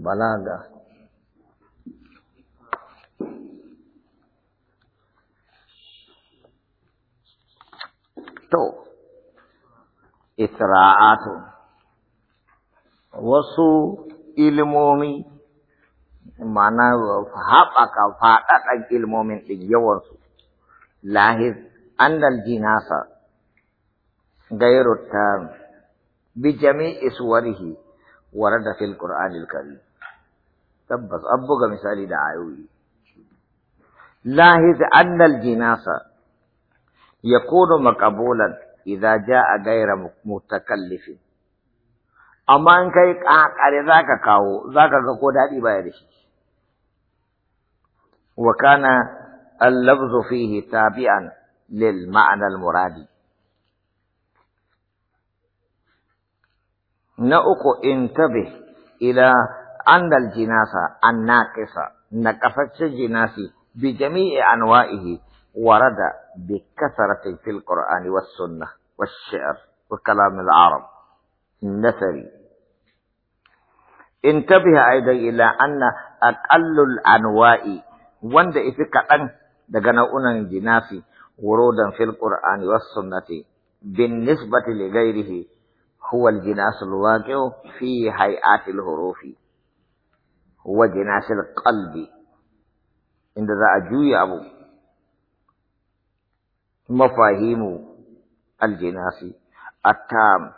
balaga to isra'atu wasu ilmomi mana haɓaka faɗaɗan ilmomin ɗin yawansu lahiz annal jinasa gairu ta bi jami'i suwarihi da fil ƙur'anil karim تبس ابو کا مثال ہی دعائی لاحظ ان الجناس يكون مقبولا اذا جاء غير متكلف اما ان كاي قاقري ذاك كاو ذاك كو دادي باي دشي وكان اللفظ فيه تابعا للمعنى المراد نأكو انتبه الى أن الجناس الناقصة نقصت جناسي بجميع أنوائه ورد بكثرة في القرآن والسنة والشعر وكلام العرب النثري انتبه أيضا إلى أن أقل الأنواع وند إفكاً دقنا أنن جناسي ورودا في القرآن والسنة بالنسبة لغيره هو الجناس الواقع في هيئات الحروف هو جناس القلب إن ذا أجوي أبو مفاهيم الجناس التام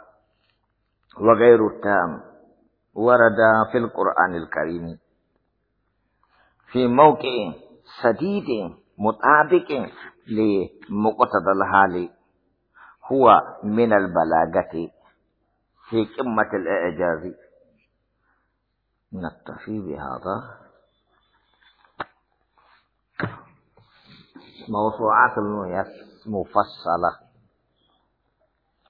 وغير التام ورد في القرآن الكريم في موقع سديد مطابق لمقتضى الحال هو من البلاغة في قمة الإعجاز نكتفي بهذا موسوعات الميس مفصلة